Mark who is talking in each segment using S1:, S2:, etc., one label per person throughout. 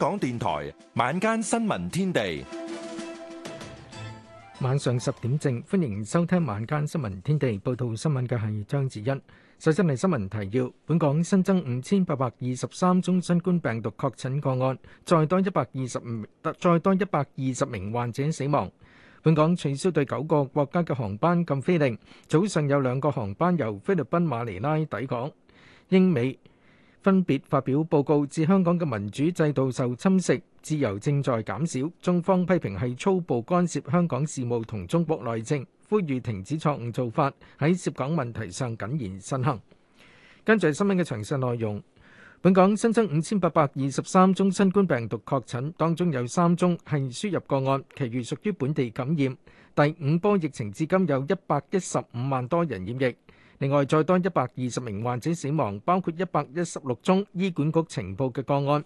S1: 本港電台晚間新聞天地，
S2: 晚上十點正，歡迎收聽晚間新聞天地。報道新聞嘅係張智欣。首先係新聞提要，本港新增五千八百二十三宗新冠病毒確診個案，再多一百二十，再多一百二十名患者死亡。本港取消對九個國家嘅航班禁飛令。早上有兩個航班由菲律賓馬尼拉抵港，英美。分別發表報告，指香港嘅民主制度受侵蝕，自由正在減少。中方批評係粗暴干涉香港事務同中國內政，呼籲停止錯誤做法。喺涉港問題上謹言慎行。跟住係新聞嘅詳細內容，本港新增五千八百二十三宗新冠病毒確診，當中有三宗係輸入個案，其餘屬於本地感染。第五波疫情至今有一百一十五萬多人染疫。另外，再多一百二十名患者死亡，包括一百一十六宗醫管局呈報嘅個案。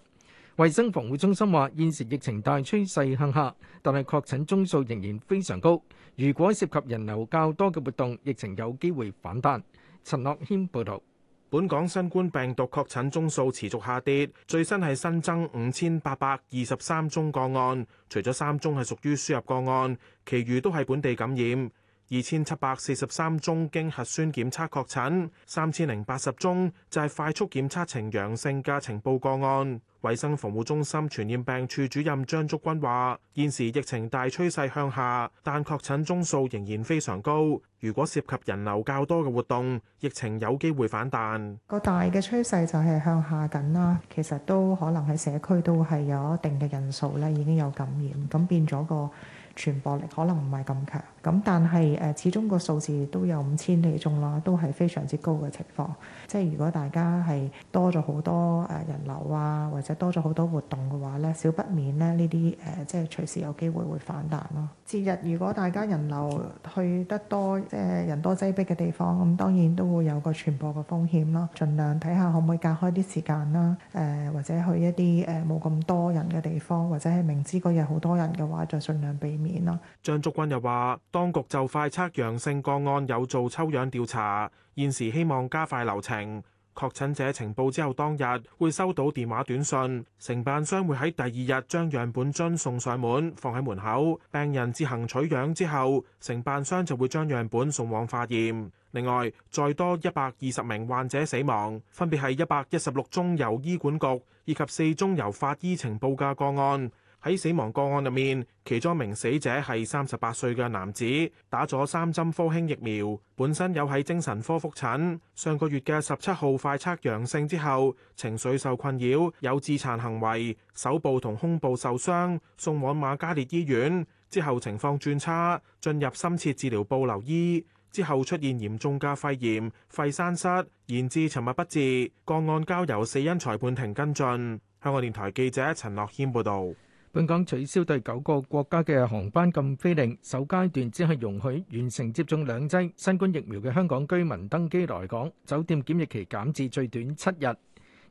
S2: 衛生防護中心話，現時疫情大趨勢向下，但係確診宗數仍然非常高。如果涉及
S3: 人流較多嘅活動，疫情有機會反彈。陳樂謙報道。本港新冠病毒確診宗數持續下跌，最新係新增五千八百二十三宗個案，除咗三宗係屬於輸入個案，其餘都係本地感染。二千七百四十三宗經核酸檢測確診，三千零八十宗就係快速檢測呈陽性嘅呈報個案。衛生防護中心傳染病處主任張竹君話，現時疫情大趨勢向下，但確診宗數仍然非常高。如果涉及人流較多嘅活動，疫情有機會反彈。
S4: 個大嘅趨勢就係向下緊啦。其實都可能喺社區都係有一定嘅人數咧，已經有感染咁變咗個傳播力，可能唔係咁強。咁但係誒，始終個數字都有五千幾宗啦，都係非常之高嘅情況。即係如果大家係多咗好多誒人流啊，或者多咗好多活動嘅話咧，少不免咧呢啲誒、呃，即係隨時有機會會反彈咯。節日如果大家人流去得多，即係人多擠迫嘅地方，咁當然都會有個傳播嘅風險咯。盡量睇下可唔可以隔開啲時間啦，誒、呃、或者去一啲誒冇咁多人嘅地方，或者係明知嗰日好多人嘅話，就盡量避免咯。
S3: 張竹君又話。當局就快測陽性個案有做抽樣調查，現時希望加快流程。確診者呈報之後當日會收到電話短信，承辦商會喺第二日將樣本樽送上門，放喺門口。病人自行取樣之後，承辦商就會將樣本送往化驗。另外，再多一百二十名患者死亡，分別係一百一十六宗由醫管局以及四宗由法醫呈報嘅個案。喺死亡個案入面，其中一名死者係三十八歲嘅男子，打咗三針科興疫苗，本身有喺精神科覆診。上個月嘅十七號快測陽性之後，情緒受困擾，有自殘行為，手部同胸部受傷，送往瑪嘉烈醫院之後情況轉差，進入深切治療部留醫，之後出現嚴重嘅肺炎、肺栓塞，延至尋日不治。個案交由死因裁判庭跟進。香港電台記者陳樂軒報導。本港取消對九個國家嘅航班禁飛令，首階段只係容許完
S2: 成接種兩劑新冠疫苗嘅香港居民登機來港，酒店檢疫期減至最短七日。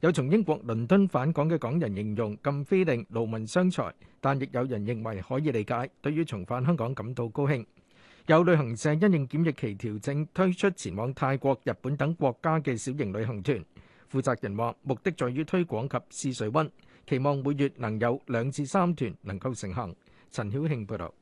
S2: 有從英國倫敦返港嘅港人形容禁飛令勞民傷財，但亦有人認為可以理解，對於重返香港感到高興。有旅行社因應檢疫期調整推出前往泰國、日本等國家嘅小型旅行團，負責人話目的在於推廣及試水溫。期望每月能有兩至三團能夠成行。陳曉慶報道。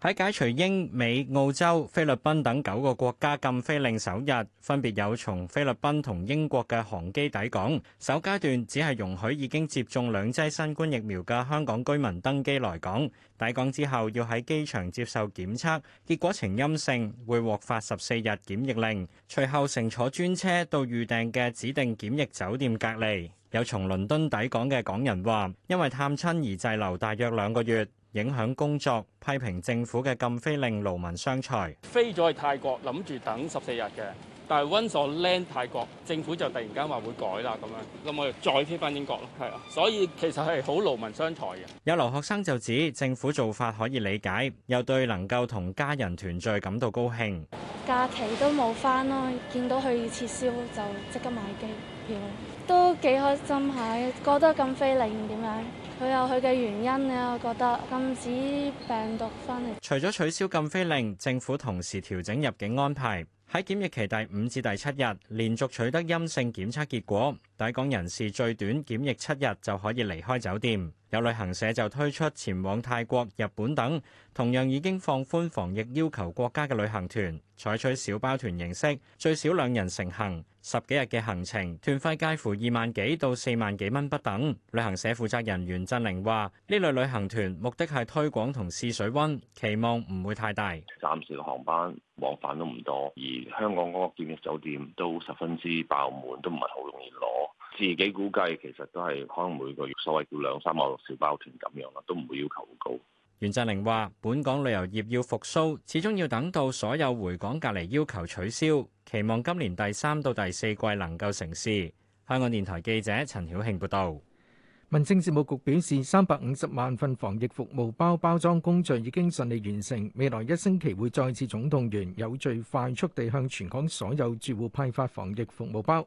S2: 喺解除英美澳洲、
S5: 菲律賓等九個國家禁飛令首日，分別有從菲律賓同英國嘅航機抵港。首階段只係容許已經接種兩劑新冠疫苗嘅香港居民登機來港。抵港之後要喺機場接受檢測，結果呈陰性，會獲發十四日檢疫令，隨後乘坐專車到預訂嘅指定檢疫酒店隔離。有從倫敦抵港嘅港人話，因為探親而滯留大約兩個月，影響工作，批評政府嘅禁飛令勞民傷財。
S6: 飛咗去泰國，諗住等十四日嘅，但係 once I land 泰國，政府就突然間話會改啦，咁樣，咁我哋再飛翻英國咯，係啊，所以其實係好勞民傷財嘅。有
S5: 留學生就指政府做法可以理解，又對能夠同家人團聚感到高興。
S7: 假期都冇翻咯，見到佢要撤銷就即刻買機票。都幾開心下，覺得禁飛令點樣？佢有佢嘅原因啦。我覺得禁止病毒翻嚟。
S5: 除咗取消禁飛令，政府同時調整入境安排。喺檢疫期第五至第七日，連續取得陰性檢測結果，抵港人士最短檢疫七日就可以離開酒店。有旅行社就推出前往泰國、日本等同樣已經放寬防疫要求國家嘅旅行團，採取小包團形式，最少兩人成行。十幾日嘅行程，團費介乎二萬幾到四萬幾蚊不等。旅行社負責人袁振寧話：呢類旅行團目的係推廣同試水溫，期望唔會太大。
S1: 暫時航班往返都唔多，而香港嗰個訂嘅酒店都十分之爆滿，都唔係好容易攞。自己估計其實都係可能每個月所謂叫兩三個小包團咁樣啦，都唔會要求好高。
S5: 袁振寧話：本港旅遊業要復甦，始終要等到所有回港隔離要求取消，期望今年第三到第四季能夠成事。香港電台記者陳曉慶報導。
S2: 民政事務局表示，三百五十萬份防疫服務包包裝工序已經順利完成，未來一星期會再次總動員，有序快速地向全港所有住戶派發防疫服務包。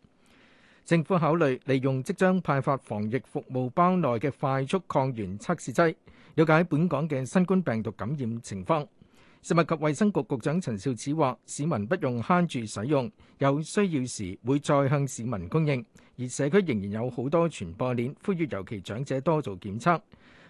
S2: 政府考慮利用即將派發防疫服務包內嘅快速抗原測試劑，瞭解本港嘅新冠病毒感染情況。食物及衛生局局長陳肇始話：市民不用慳住使用，有需要時會再向市民供應。而社區仍然有好多傳播鏈，呼籲尤其長者多做檢測。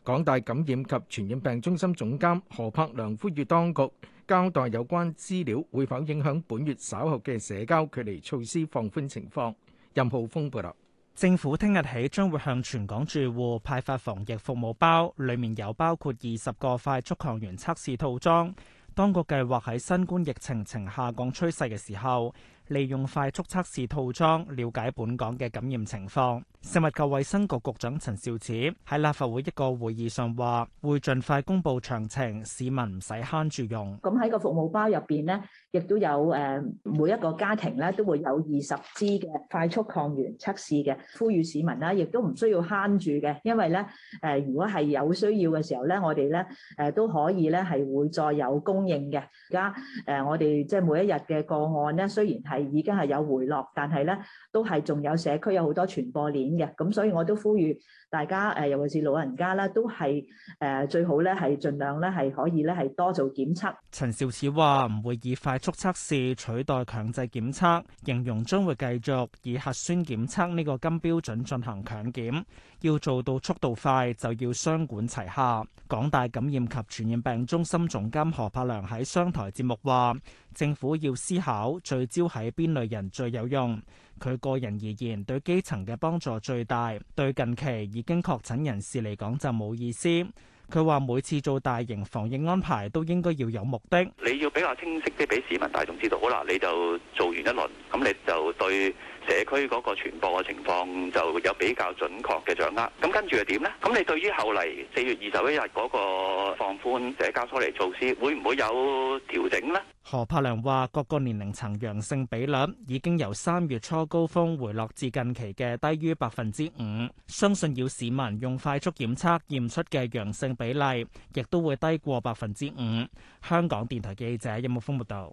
S2: 港大感染及傳染病中心總監何柏良呼籲當局交代有關資料，會否影響本月稍後嘅社交距離措施放寬情況。任浩峰報道，政府聽日起
S8: 將會向全港住戶派發防疫服務包，裏面有包括二十個快速抗原測試套裝。當局計劃喺新冠疫情呈下降趨勢嘅時候。利用快速測試套裝了解本港嘅感染情況。食物及衛生局局長陳肇始喺立法會一個會議上話，會盡快公佈詳情，市民唔使慳住用。
S7: 咁喺個服務包入邊咧，亦都有誒每一個家庭咧都會有二十支嘅快速抗原測試嘅。呼籲市民啦，亦都唔需要慳住嘅，因為咧誒，如果係有需要嘅時候咧，我哋咧誒都可以咧係會再有供應嘅。而家誒我哋即係每一日嘅個案咧，雖然係已經係有回落，但係咧都係仲有社區有好多傳播鏈嘅，咁、嗯、所以我都呼籲大家誒、呃，尤其是老人家啦，都係誒、呃、最好咧係儘量咧係可以咧係多做檢測。
S8: 陳肇始話唔會以快速測試取代強制檢測，形容將會繼續以核酸檢測呢個金標準進行強檢，要做到速度快就要雙管齊下。港大感染及傳染病中心總監何柏良喺商台節目話：政府要思考聚焦喺係邊類人最有用？佢個人而言，對基層嘅幫助最大。對近期已經確診人士嚟講，就冇意思。佢話每次做大型防疫安排，都應該要有目的。
S1: 你要比較清晰啲俾市民大眾知道。好啦，你就做完一輪，咁你就對。社區嗰個傳播嘅情況就有比較準確嘅掌握，咁跟住又點呢？咁
S9: 你對於後嚟
S1: 四月二十一日嗰個放寬社交疏離措施，會唔會有調整呢？
S8: 何柏良話：各個年齡層陽性比率已經由三月初高峰回落至近期嘅低於百分之五，相信要市民用快速檢測驗出嘅陽性比例，亦都會低
S2: 過百分之五。香港電台記者任木峯報道。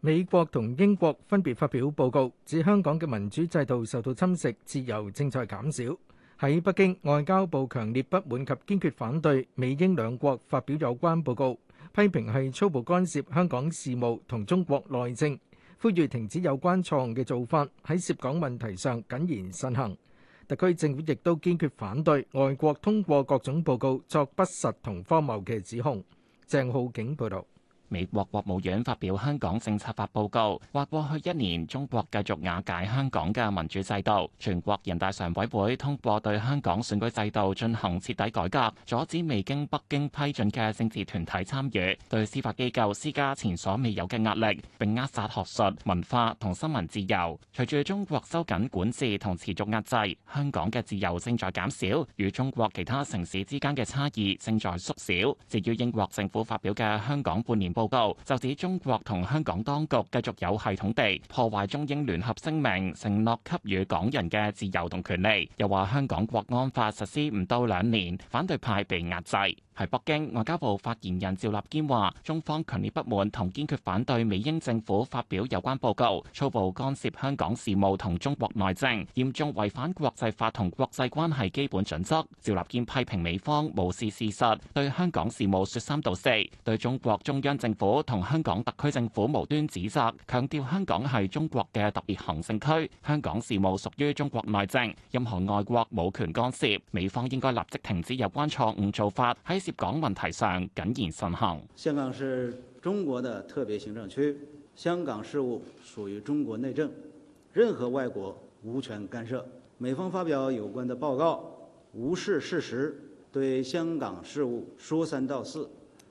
S2: 美國同英國分別發表報告，指香港嘅民主制度受到侵蝕，自由正在減少。喺北京，外交部強烈不滿及堅決反對美英兩國發表有關報告，批評係粗暴干涉香港事務同中國內政，呼籲停止有關錯誤嘅做法，喺涉港問題上謹言慎行。特區政府亦都堅決反對外國通過各種報告作不實同荒謬嘅指控。鄭浩景報道。
S6: 美國國務院發表《香港政策法》報告，話過去一年中國繼續瓦解香港嘅民主制度。全國人大常委會通過對香港選舉制度進行徹底改革，阻止未經北京批准嘅政治團體參與，對司法機構施加前所未有嘅壓力，並扼殺學術、文化同新聞自由。隨住中國收緊管治同持續壓制，香港嘅自由正在減少，與中國其他城市之間嘅差異正在縮小。至於英國政府發表嘅香港半年，報告就指中國同香港當局繼續有系統地破壞中英聯合聲明承諾給予港人嘅自由同權利，又話香港國安法實施唔到兩年，反對派被壓制。喺北京，外交部發言人趙立堅話，中方強烈不滿同堅決反對美英政府發表有關報告，粗暴干涉香港事務同中國內政，嚴重違反國際法同國際關係基本準則。趙立堅批評美方無視事實，對香港事務說三道四，對中國中央政政府同香港特區政府無端指責，強調香港係中國嘅特別行政區，香港事務屬於中國內政，任何外國冇權干涉。美方應該立即停止有關錯誤做法，喺涉港問題上謹言慎行。
S8: 香港是中國的特別行政區，香港事務屬於中國內政，任何外國無權干涉。美方發表有關的報告，無視事，事實，對香港事務說三道四。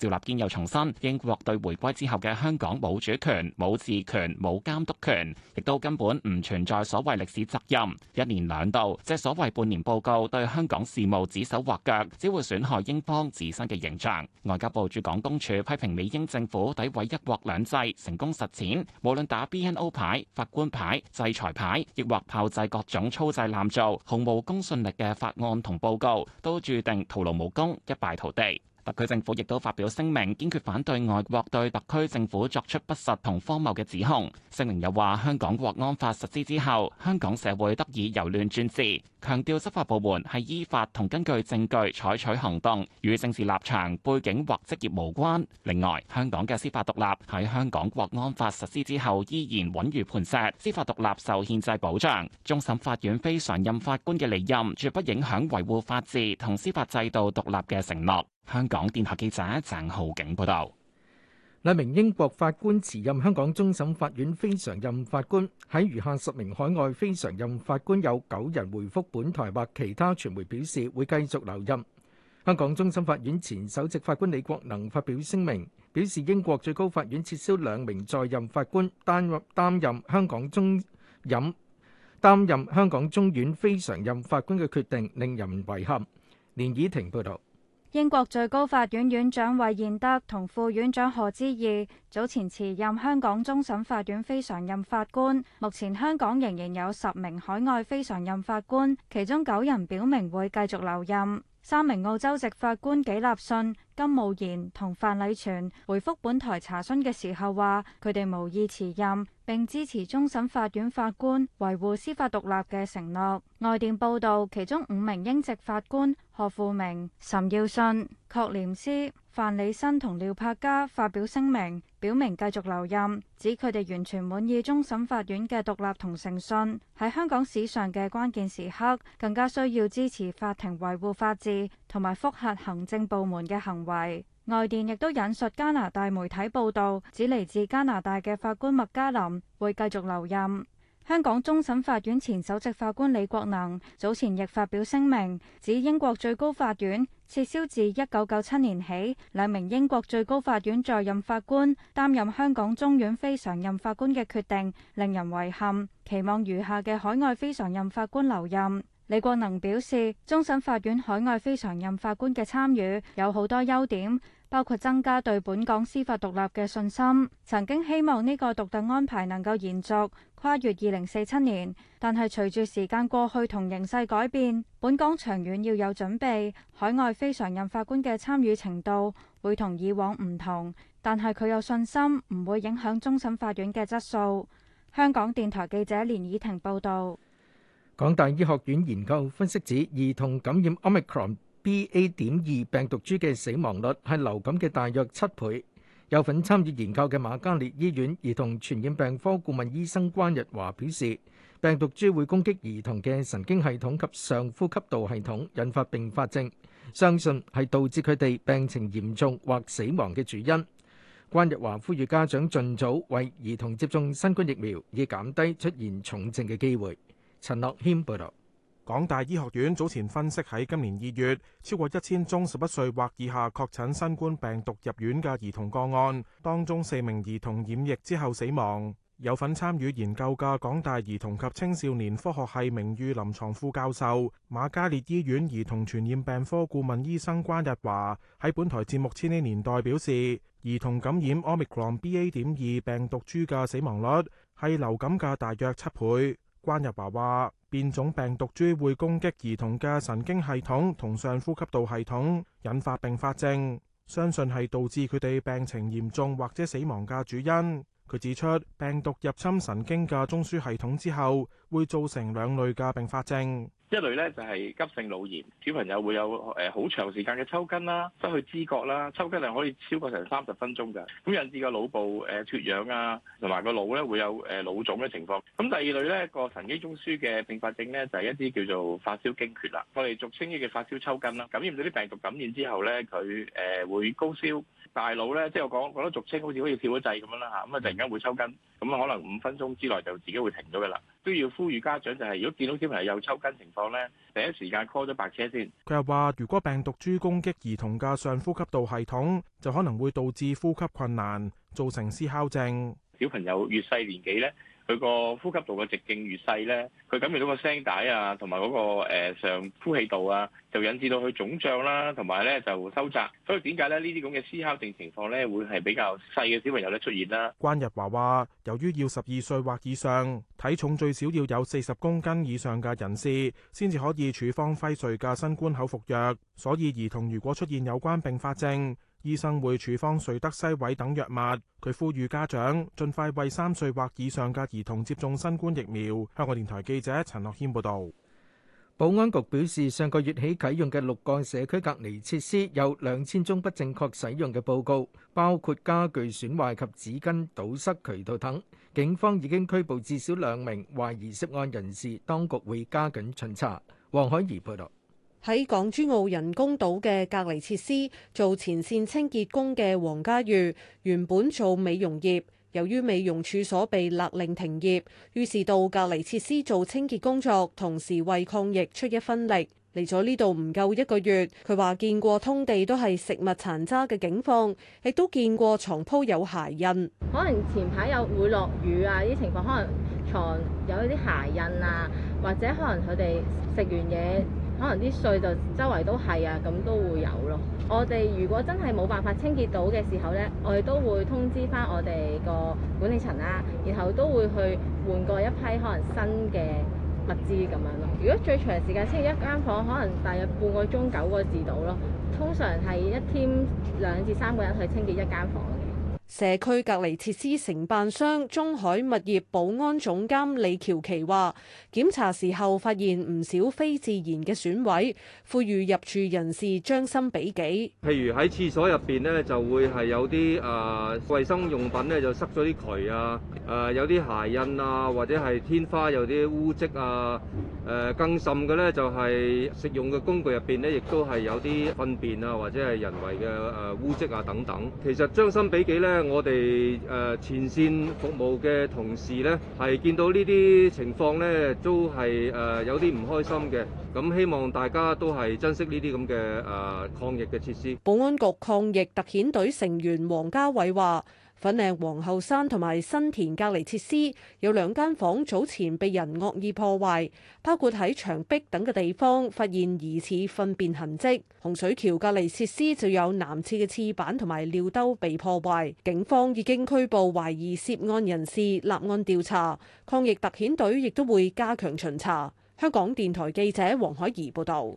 S6: 趙立堅又重申，英國對回歸之後嘅香港冇主權、冇治權、冇監督權，亦都根本唔存在所謂歷史責任。一年兩度，即所謂半年報告對香港事務指手畫腳，只會損害英方自身嘅形象。外交部駐港公署批評美英政府詆毀一國兩制成功實踐，無論打 BNO 牌、法官牌、制裁牌，亦或炮製各種粗製濫造、毫無公信力嘅法案同報告，都注定徒勞無功、一敗塗地。特區政府亦都發表聲明，堅決反對外國對特區政府作出不實同荒謬嘅指控。聲明又話，香港國安法實施之後，香港社會得以由亂轉治，強調執法部門係依法同根據證據採取行動，與政治立場背景或職業無關。另外，香港嘅司法獨立喺香港國安法實施之後依然穩如磐石，司法獨立受憲制保障。終審法院非常任法官嘅離任，絕不影響維護法治同司法制度獨立嘅承諾。香港電台
S2: 記者鄭浩景報道：兩名英國法官辭任香港終審法院非常任法官。喺餘下十名海外非常任法官，有九人回覆本台或其他傳媒，表示會繼續留任。香港終審法院前首席法官李國能發表聲明，表示英國最高法院撤銷兩名在任法官擔任擔任香港終任擔任香港終院非常任法官嘅決定，令人遺憾。連綺婷報道。
S10: 英國最高法院院長韋彥德同副院長賀知義早前辭任香港終審法院非常任法官，目前香港仍然有十名海外非常任法官，其中九人表明會繼續留任。三名澳洲籍法官紀立信、甘慕賢同范禮全回覆本台查詢嘅時候話，佢哋無意辭任，並支持終審法院法官維護司法獨立嘅承諾。外電報道，其中五名英籍法官賀輔明、岑耀信、郝廉思。范里申同廖柏嘉發表聲明，表明繼續留任，指佢哋完全滿意終審法院嘅獨立同誠信，喺香港史上嘅關鍵時刻，更加需要支持法庭維護法治，同埋覆核行政部門嘅行為。外電亦都引述加拿大媒體報道，指嚟自加拿大嘅法官麥嘉林會繼續留任。香港終審法院前首席法官李國能早前亦發表聲明，指英國最高法院。撤銷自一九九七年起兩名英國最高法院在任法官擔任香港終院非常任法官嘅決定，令人遺憾。期望餘下嘅海外非常任法官留任。李國能表示，終審法院海外非常任法官嘅參與有好多優點。包括增加對本港司法獨立嘅信心。曾經希望呢個獨特安排能夠延續跨越二零四七年，但係隨住時間過去同形勢改變，本港長遠要有準備。海外非常任法官嘅參與程度會同以往唔同，但係佢有信心唔會影響終審法院嘅質素。香港電台記者連以婷報導。
S2: 港大醫學院研究分析指，兒童感染 B.A. 點二病毒株嘅死亡率係流感嘅大約七倍。有份參與研究嘅瑪嘉烈醫院兒童傳染病科顧問醫生關日華表示，病毒株會攻擊兒童嘅神經系統及上呼吸道系統，引發併發症，相信係導致佢哋病情嚴重或死亡嘅主因。關日華呼籲家長盡早為兒童接種
S3: 新冠疫苗，以減低出現重症嘅機會。陳樂謙報導。港大醫學院早前分析喺今年二月，超過一千宗十一歲或以下確診新冠病毒入院嘅兒童個案，當中四名兒童染疫之後死亡。有份參與研究嘅港大兒童及青少年科學系名譽臨牀副教授、馬嘉烈醫院兒童傳染病科顧問醫生關日華喺本台節目《千禧年代》表示，兒童感染 Omicron BA. 點二病毒株嘅死亡率係流感嘅大約七倍。關日華話：變種病毒株會攻擊兒童嘅神經系統同上呼吸道系統，引發併發症，相信係導致佢哋病情嚴重或者死亡嘅主因。佢指出，病毒入侵神經嘅中樞系統之後，會造成兩類嘅併發症，
S2: 一
S1: 類咧就係急性腦炎，小朋友會有誒好長時間嘅抽筋啦，失去知覺啦，抽筋量可以超過成三十分鐘噶。咁引致個腦部誒脱氧啊，同埋個腦咧會有誒腦腫嘅情況。咁第二類咧個神經中樞嘅併發症咧就係一啲叫做發燒驚厥啦。我哋俗稱嘅發燒抽筋啦，感染咗啲病毒感染之後咧，佢誒會高燒，大腦咧即係我講講得俗稱，好似好似跳咗掣咁樣啦吓，咁啊突然間會抽筋，咁啊可能五分鐘之內就自己會停咗噶啦。都要呼籲家長、就是，就係如果見到小朋友有抽筋情況咧，第一時間 call 咗白車先。
S3: 佢又話：如果病毒株攻擊兒童嘅上呼吸道系統，就可能會導致呼吸困難，造成思考症。
S1: 小朋友越細年紀咧。佢個呼吸道嘅直徑越細咧，佢感覺到個聲帶啊，同埋嗰個誒上呼氣道啊，就引致到佢腫脹啦，同埋咧就收窄。所以點解咧呢啲咁嘅思考症情況咧，會係比較細嘅小朋友咧出現啦。
S3: 關日華話：由於要十二歲或以上，體重最少要有四十公斤以上嘅人士，先至可以處方輝瑞嘅新冠口服藥。所以兒童如果出現有關併發症，醫生會處方瑞德西韋等藥物。佢呼籲家長盡快為三歲或以上嘅兒童接種新冠疫苗。香港電台記者陳樂軒報導。保安局表示，上個月起啟用嘅六個社區隔離設施有兩千宗不正確
S2: 使用嘅報告，包括家具損壞及紙巾堵塞渠道等。警方已經拘捕至少兩名懷疑涉案人士，當局會加緊巡查。黃海怡報道。
S7: 喺港珠澳人工島嘅隔離設施做前線清潔工嘅黃家裕，原本做美容業，由於美容處所被勒令停業，於是到隔離設施做清潔工作，同時為抗疫出一分力。嚟咗呢度唔夠一個月，佢話見過通地都係食物殘渣嘅境況，亦都見過床鋪有鞋印，可能前排有會落雨啊，呢啲情況可能床有啲鞋印啊，或者可能佢哋食完嘢。可能啲碎就周圍都係啊，咁都會有咯。我哋如果真係冇辦法清潔到嘅時候呢，我哋都會通知翻我哋個管理層啦、啊，然後都會去換過一批可能新嘅物資咁樣咯。如果最長時間清潔一間房，可能大約半個鐘九個字到咯。通常係一天兩至三個人去清潔一間房。社區隔離設施承辦商中海物業保安總監李喬琪話：檢查時候發現唔少非自然嘅損毀，呼籲入住人士將心比己。
S4: 譬如喺廁所入邊呢，就會係有啲啊衞生用品呢就塞咗啲渠啊，誒、呃、有啲鞋印啊，或者係天花有啲污漬啊。誒、呃、更甚嘅呢，就係、是、食用嘅工具入邊呢，亦都係有啲糞便啊，或者係人為嘅誒污漬啊等等。其實將心比己呢。我哋誒前線服務嘅同事呢，係見到呢啲情況呢，都係誒有啲唔開心嘅。咁希望大家都係珍惜呢啲咁嘅誒抗疫嘅設施。
S7: 保安局抗疫特遣隊成員黃家偉話。粉嶺皇后山同埋新田隔離設施有兩間房早前，前被人惡意破壞，包括喺牆壁等嘅地方發現疑似糞便痕迹。洪水橋隔離設施就有男廁嘅廁板同埋尿兜被破壞，警方已經拘捕懷疑涉，涉案人士立案調查，抗疫特遣隊亦都會加強巡查。香港電台記者黃海怡報道。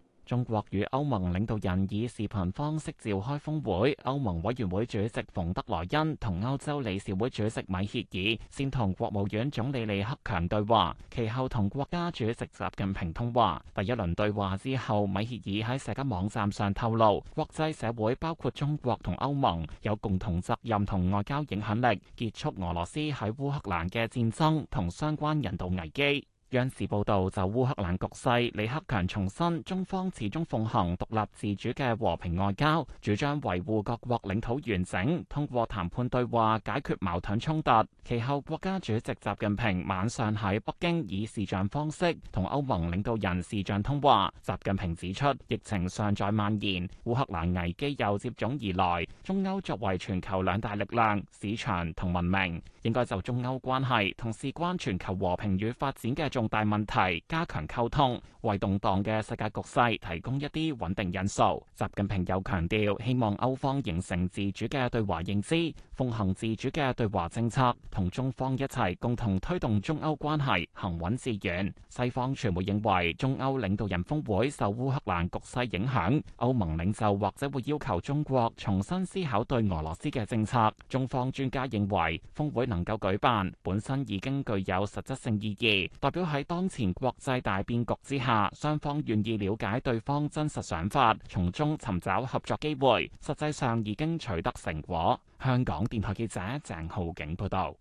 S2: 中國與歐盟領導人以視頻方式召開峰
S6: 會，歐盟委員會主席馮德萊恩同歐洲理事會主席米歇爾先同國務院總理李克強對話，其後同國家主席習近平通話。第一輪對話之後，米歇爾喺社交網站上透露，國際社會包括中國同歐盟有共同責任同外交影響力，結束俄羅斯喺烏克蘭嘅戰爭同相關人道危機。央視報道，就烏克蘭局勢，李克強重申中方始終奉行獨立自主嘅和平外交，主張維護各國領土完整，通過談判對話解決矛盾衝突。其後，國家主席習近平晚上喺北京以視像方式同歐盟領導人視像通話。習近平指出，疫情尚在蔓延，烏克蘭危機又接踵而來，中歐作為全球兩大力量、市場同文明，應該就中歐關係同事關全球和平與發展嘅重。重大問題，加強溝通，為動盪嘅世界局勢提供一啲穩定因素。習近平又強調，希望歐方形成自主嘅對華認知，奉行自主嘅對華政策，同中方一齊共同推動中歐關係行穩致遠。西方傳媒認為，中歐領導人峰會受烏克蘭局勢影響，歐盟領袖或者會要求中國重新思考對俄羅斯嘅政策。中方專家認為，峰會能夠舉辦，本身已經具有實質性意義，代表。喺當前國際大變局之下，雙方願意了解對方真實想法，從中尋找合作機會，實際上已經取得
S2: 成果。香港電台記者鄭浩景報道。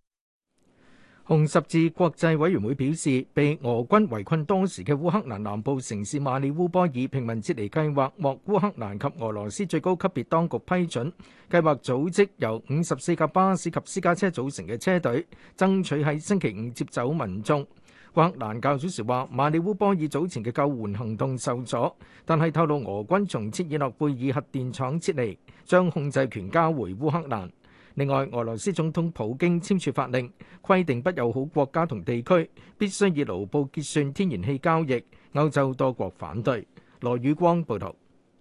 S2: 紅十字國際委員會表示，被俄軍圍困當時嘅烏克蘭南部城市馬里烏波爾平民撤離計劃獲烏克蘭及俄羅斯最高級別當局批准，計劃組織由五十四架巴士及私家車組成嘅車隊，爭取喺星期五接走民眾。烏克蘭教主時話，馬里烏波爾早前嘅救援行動受阻，但係透露俄軍從切爾諾貝爾核電廠撤離，將控制權交回烏克蘭。另外，俄羅斯總統普京簽署法令，規定不友好國家同地區必須以盧布結算天然氣交易，歐洲多國反對。羅宇光報道。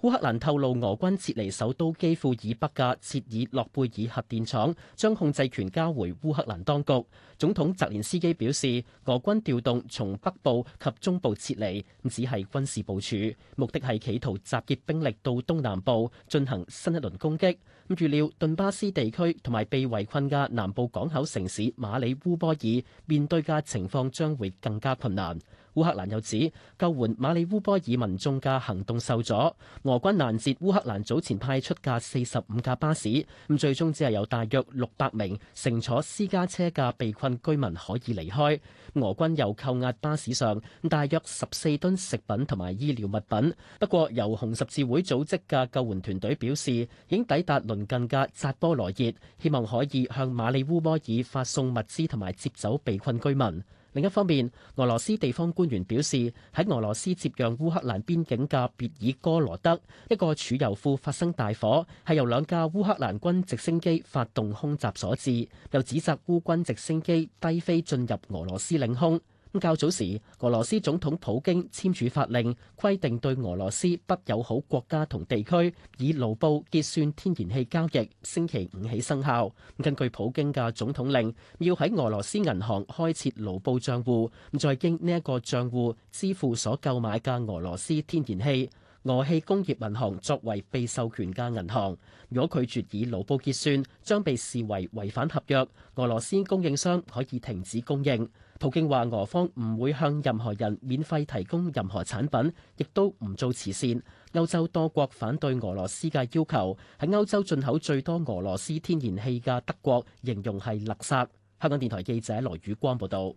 S2: 烏克蘭透露，俄軍撤離首都基輔以
S11: 北嘅切爾諾貝爾核電廠，將控制權交回烏克蘭當局。總統澤連斯基表示，俄軍調動從北部及中部撤離，咁只係軍事部署，目的係企圖集結兵力到東南部進行新一輪攻擊，咁預料頓巴斯地區同埋被圍困嘅南部港口城市馬里烏波爾面對嘅情況將會更加困難。烏克蘭又指救援馬里烏波爾民眾嘅行動受阻，俄軍攔截烏克蘭早前派出嘅四十五架巴士，咁最終只係有大約六百名乘坐私家車嘅被困居民可以離開。俄軍又扣押巴士上大約十四噸食品同埋醫療物品。不過，由紅十字會組織嘅救援團隊表示，已經抵達鄰近嘅扎波羅熱，希望可以向馬里烏波爾發送物資同埋接走被困居民。另一方面，俄羅斯地方官員表示，喺俄羅斯接壤烏克蘭邊境嘅別爾哥羅德一個儲油庫發生大火，係由兩架烏克蘭軍直升機發動空襲所致，又指責烏軍直升機低飛進入俄羅斯領空。咁較早時，俄羅斯總統普京簽署法令，規定對俄羅斯不友好國家同地區以盧布結算天然氣交易，星期五起生效。根據普京嘅總統令，要喺俄羅斯銀行開設盧布賬戶，再經呢一個賬戶支付所購買嘅俄羅斯天然氣。俄氣工業銀行作為被授權嘅銀行，如果拒絕以盧布結算，將被視為違反合約，俄羅斯供應商可以停止供應。普京話：俄方唔會向任何人免費提供任何產品，亦都唔做慈善。歐洲多國反對俄羅斯嘅要求，喺歐洲進口最多俄羅斯天然氣嘅德國形容係勒索。香港電台記者羅
S2: 宇光報道。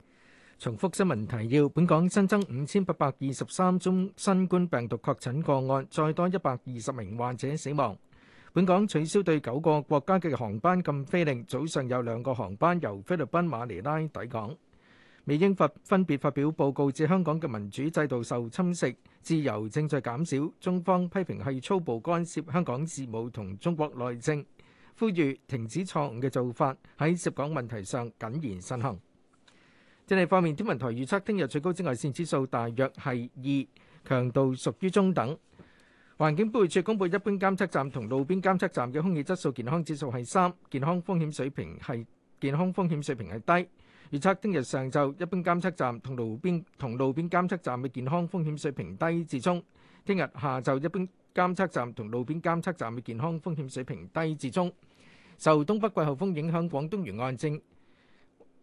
S2: 重複新聞提要：本港新增五千八百二十三宗新冠病毒確診個案，再多一百二十名患者死亡。本港取消對九個國家嘅航班禁飛令。早上有兩個航班由菲律賓馬尼拉抵港。美英法分別發表報告，指香港嘅民主制度受侵蝕，自由正在減少。中方批評係粗暴干涉香港事務同中國內政，呼籲停止錯誤嘅做法，喺涉港問題上謹言慎行。天氣方面，天文台預測聽日最高紫外線指數大約係二，強度屬於中等。環境保護署公佈一般監測站同路邊監測站嘅空氣質素健康指數係三，健康風險水平係健康風險水平係低。預測聽日上晝，一般監測站同路邊同路邊監測站嘅健康風險水平低至中；聽日下晝，一般監測站同路邊監測站嘅健康風險水平低至中。受東北季候風影響，廣東沿岸正。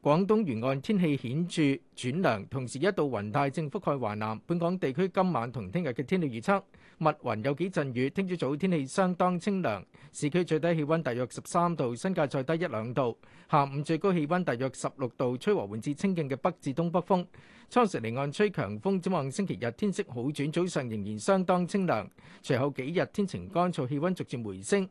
S2: 廣東沿岸天氣顯著轉涼，同時一道雲帶正覆蓋華南。本港地區今晚同聽日嘅天氣預測，密雲有幾陣雨。聽朝早天氣相當清涼，市區最低氣温大約十三度，新界再低一兩度。下午最高氣温大約十六度，吹和緩至清勁嘅北至東北風。初時離岸吹強風，展望星期日天色好轉，早上仍然相當清涼。隨後幾日天晴乾燥，氣温逐漸回升。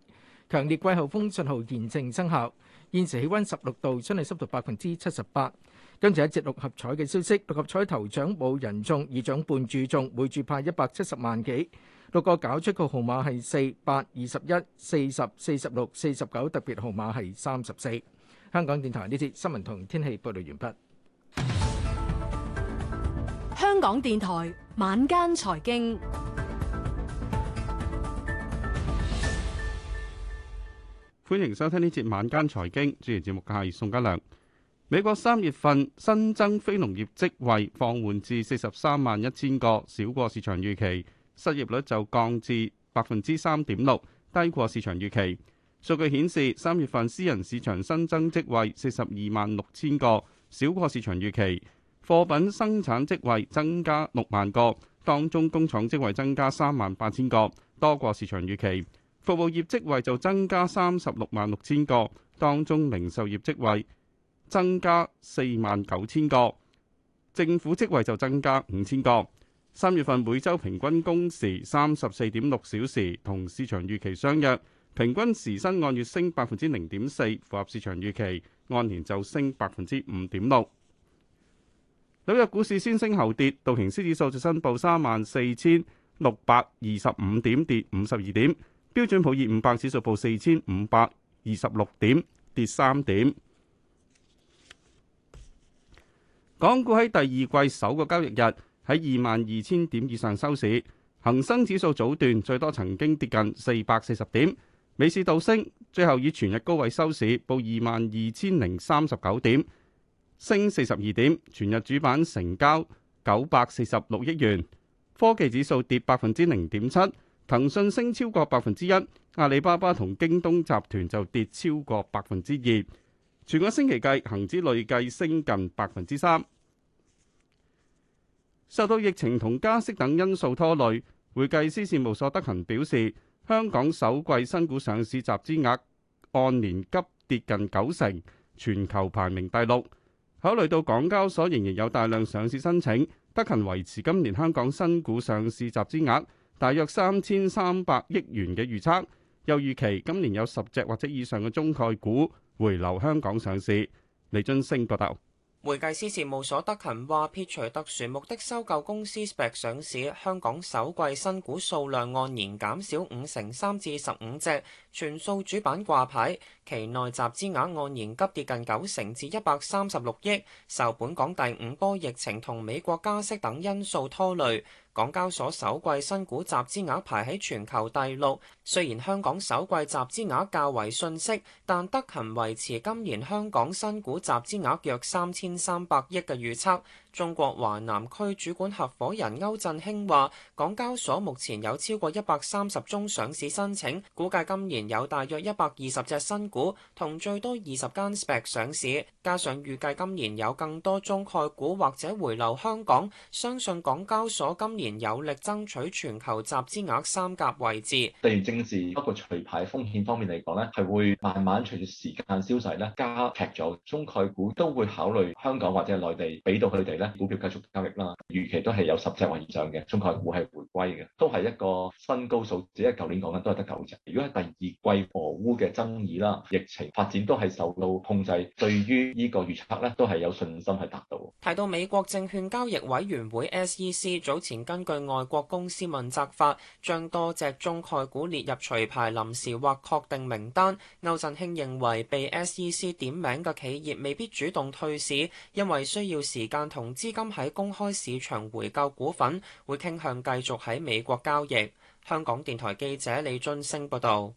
S2: 強烈季候風信號現正生效。現時氣溫十六度，相對濕度百分之七十八。跟住一節六合彩嘅消息，六合彩頭獎冇人中，二獎半注中，每注派一百七十萬幾。六個攪出嘅號碼係四、八、二十一、四十、四十六、四十九，特別號碼係三十四。香港電台呢節新聞同天氣報道完畢。
S7: 香港電台晚間財經。
S9: 歡迎收聽呢節晚間財經，主持節目嘅係宋家良。美國三月份新增非農業職位放緩至四十三萬一千個，少過市場預期。失業率就降至百分之三點六，低過市場預期。數據顯示，三月份私人市場新增職位四十二萬六千個，少過市場預期。貨品生產職位增加六萬個，當中工廠職位增加三萬八千個，多過市場預期。服務業職位就增加三十六萬六千個，當中零售業職位增加四萬九千個，政府職位就增加五千個。三月份每周平均工時三十四點六小時，同市場預期相若，平均時薪按月升百分之零點四，符合市場預期，按年就升百分之五點六。紐約股市先升後跌，道瓊斯指數最新報三萬四千六百二十五點，跌五十二點。標準普爾五百指數報四千五百二十六點，跌三點。港股喺第二季首個交易日喺二萬二千點以上收市。恒生指數早段最多曾經跌近四百四十點，尾市倒升，最後以全日高位收市，報二萬二千零三十九點，升四十二點。全日主板成交九百四十六億元。科技指數跌百分之零點七。騰訊升超過百分之一，阿里巴巴同京東集團就跌超過百分之二。全個星期計，恒指累計升近百分之三。受到疫情同加息等因素拖累，會計師事務所德勤表示，香港首季新股上市集資額按年急跌近九成，全球排名第六。考慮到港交所仍然有大量上市申請，德勤維持今年香港新股上市集資額。大約三千三百億元嘅預測，又預期今年有十隻或者以上嘅中概股回流香港上市。李津升報道。
S12: 會計師事務所德勤話，撇除特殊目的收購公司 SPAC 上市，香港首季新股數量按年減少五成三至十五隻，全數主板掛牌。期內集資額按年急跌近九成至一百三十六億，受本港第五波疫情同美國加息等因素拖累。港交所首季新股集資額排喺全球第六。雖然香港首季集資額較為遜色，但德勤維持今年香港新股集資額約三千三百億嘅預測。中國華南區主管合伙人歐振興話，港交所目前有超過一百三十宗上市申請，估計今年有大約一百二十隻新股同最多二十間 SPAC 上市，加上預計今年有更多中概股或者回流香港，相信港交所今年有力爭取全球集資額三甲位置。
S1: 不過，除牌風險方面嚟講
S6: 呢係會慢慢隨住時間消逝呢加劇咗中概股都會考慮香港或者係內地俾到佢哋呢股票繼續交易啦。預期都係有十隻或以上嘅中概股係回歸嘅，都係一個新高數字。因為舊年講緊都係得九隻。如果係第二季俄烏嘅爭議啦、疫情發展都係受到控制，對於呢個預測呢，都係有信心去達到。
S12: 提到美國證券交易委員會 SEC 早前根據外國公司問責法將多隻中概股列入除牌臨時或確定名單，歐振興認為被 SEC 點名嘅企業未必主動退市，因為需要時間同資金喺公開市場回購股份，會傾向繼續喺美國交易。香港電台記者李津星報導，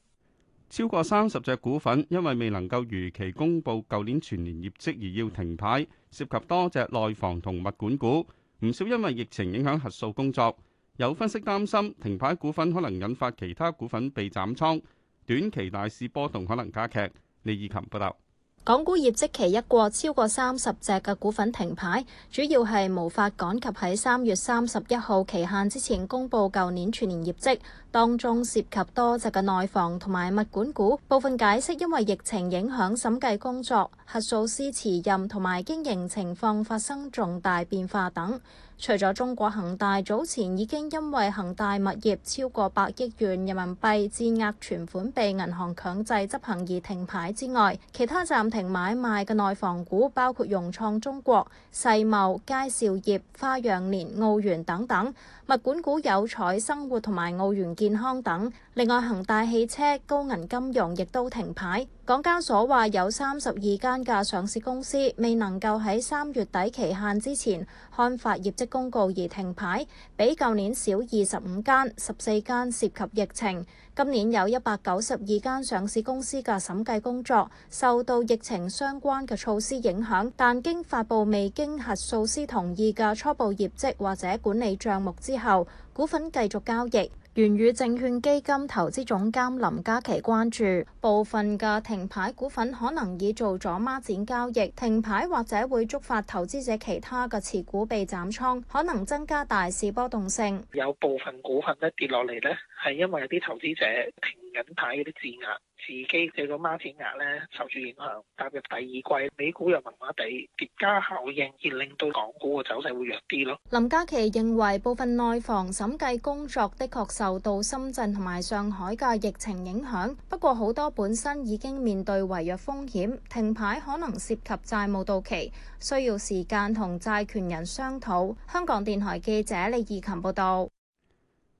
S9: 超過三十隻股份因為未能夠如期公佈舊年全年業績而要停牌，涉及多隻內房同物管股，唔少因為疫情影響核數工作。有分析擔心停牌股份可能引發其他股份被斬倉，短期大市波動可能加劇。李以琴報道，
S13: 港股業績期一過，超過三十隻嘅股份停牌，主要係無法趕及喺三月三十一號期限之前公佈舊年全年業績。當中涉及多隻嘅內房同埋物管股，部分解釋因為疫情影響審計工作、核數師辭任同埋經營情況發生重大變化等。除咗中國恒大早前已經因為恒大物業超過百億元人民幣質押存款被銀行強制執行而停牌之外，其他暫停買賣嘅內房股包括融創中國、世茂、佳兆業、花樣年、奧園等等。物管股有彩生活同埋澳元健康等，另外恒大汽車、高銀金融亦都停牌。港交所話有三十二間嘅上市公司未能夠喺三月底期限之前刊發業績公告而停牌，比舊年少二十五間，十四間涉及疫情。今年有一百九十二間上市公司嘅審計工作受到疫情相關嘅措施影響，但經發佈未經核數師同意嘅初步業績或者管理賬目之後，股份繼續交易。元宇證券基金投資總監林嘉琪關注部分嘅停牌股份可能已做咗孖展交易，停牌或者會觸發投資者其他嘅持股被斬倉，可能增加大市波動性。
S11: 有部
S8: 分股份咧跌落嚟呢係因為有啲投資者停緊牌嗰啲字額。自己嘅個孖展額呢，受住影響踏入第二季，美股又麻麻地疊加效應，而令到港股嘅走勢會弱啲咯。
S13: 林嘉琪認為部分內房審計工作的確受到深圳同埋上海嘅疫情影響，不過好多本身已經面對違約風險停牌可能涉及債務到期，需要時間同債權人商討。香港電台記者李義琴報道。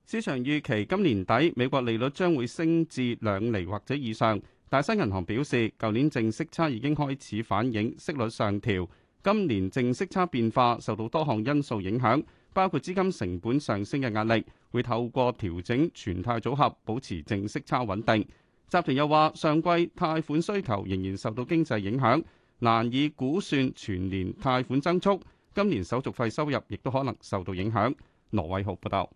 S9: 市場預期今年底美國利率將會升至兩厘或者以上。大新銀行表示，舊年淨息差已經開始反映息率上調，今年淨息差變化受到多項因素影響，包括資金成本上升嘅壓力，會透過調整全貸組合保持淨息差穩定。集團又話，上季貸款需求仍然受到經濟影響，難以估算全年貸款增速。今年手續費收入亦都可能受到影響。羅偉豪報道。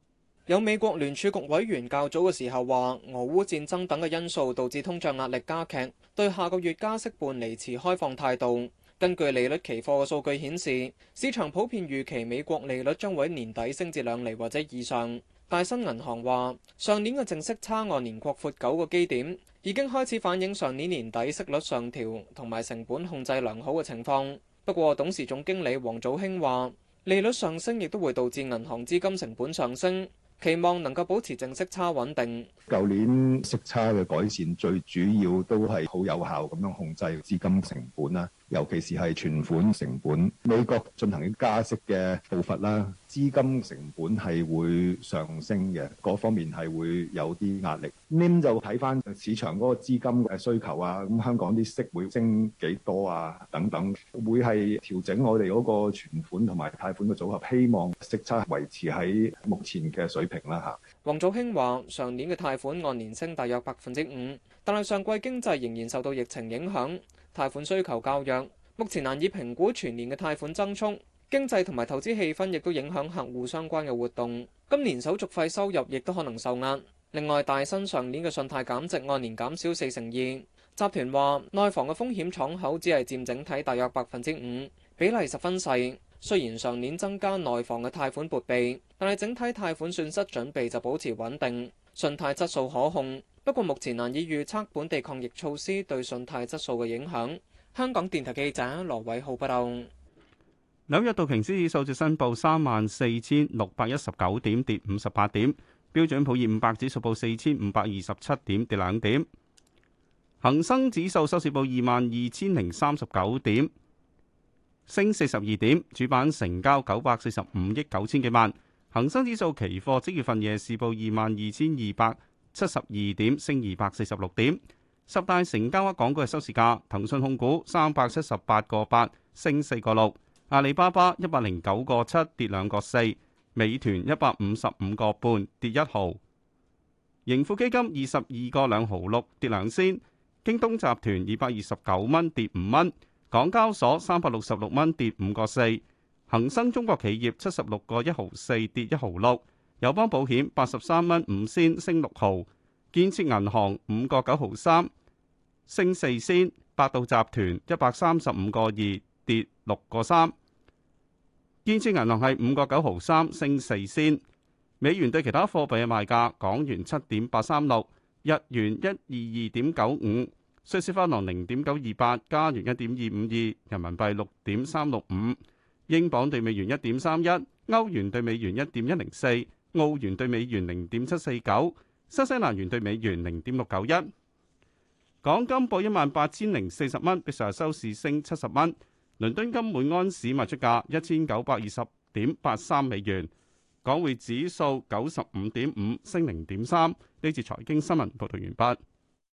S4: 有美國聯儲局委員較早嘅時候話，俄烏戰爭等嘅因素導致通脹壓力加劇，對下個月加息半厘持開放態度。根據利率期貨嘅數據顯示，市場普遍預期美國利率將會年底升至兩厘或者以上。大新銀行話，上年嘅淨息差按年擴闊九個基點，已經開始反映上年年底息率上調同埋成本控制良好嘅情況。不過，董事總經理王祖興話，利率上升亦都會導致銀行資金成本上升。期望能夠保持淨息差穩定。
S2: 舊年息差嘅改善最主要
S4: 都係好有效咁樣控制資金成本啦。尤其是係存款成本，美國進行加息嘅步伐啦，資金成本係會上
S2: 升嘅，嗰方面係會有啲壓力。NIM 就睇翻市場嗰個資金嘅
S1: 需
S7: 求啊，咁香港啲息會升幾多啊？等等，會係調整我哋嗰個存款同埋貸款嘅組合，希望息差維持喺目前嘅水平啦。嚇，
S4: 王祖興話：上年嘅貸款按年升大約百分之五，但係上季經濟仍然受到疫情影響。貸款需求較弱，目前難以評估全年嘅貸款增速。經濟同埋投資氣氛亦都影響客戶相關嘅活動。今年手續費收入亦都可能受壓。另外，大新上年嘅信貸減值按年減少四成二。集團話內房嘅風險敞口只係佔整體大約百分之五，比例十分細。雖然上年增加內房嘅貸款撥備，但係整體貸款損失準備就保持穩定，信貸質素可控。不過目前難以預測本地抗疫措施對信貸質素嘅影響。香港電台記者羅偉浩報道。
S9: 紐約道瓊斯指數報三萬四千六百一十九點，跌五十八點。標準普爾五百指數報四千五百二十七點，跌兩點。恒生指數收市報二萬二千零三十九點，升四十二點。主板成交九百四十五億九千幾萬。恒生指數期貨即月份夜市報二萬二千二百。七十二點升二百四十六點，十大成交額港股嘅收市價，騰訊控股三百七十八個八升四個六，阿里巴巴一百零九個七跌兩個四，美團一百五十五個半跌一毫，盈富基金二十二個兩毫六跌兩仙，京東集團二百二十九蚊跌五蚊，港交所三百六十六蚊跌五個四，恒生中國企業七十六個一毫四跌一毫六。友邦保險八十三蚊五仙升六毫，建設銀行五個九毫三升四仙，百度集團一百三十五個二跌六個三。建設銀行係五個九毫三升四仙。美元對其他貨幣嘅賣價：港元七點八三六，日元一二二點九五，瑞士法郎零點九二八，加元一點二五二，人民幣六點三六五，英鎊對美元一點三一，歐元對美元一點一零四。澳元兌美元零點七四九，新西蘭元兌美元零點六九一。港金報一萬八千零四十蚊，比上日收市升七十蚊。倫敦金每安士賣出價一千九百二十點八三美元。港匯指數九十五點五，升零點三。呢次財經新聞報道完畢。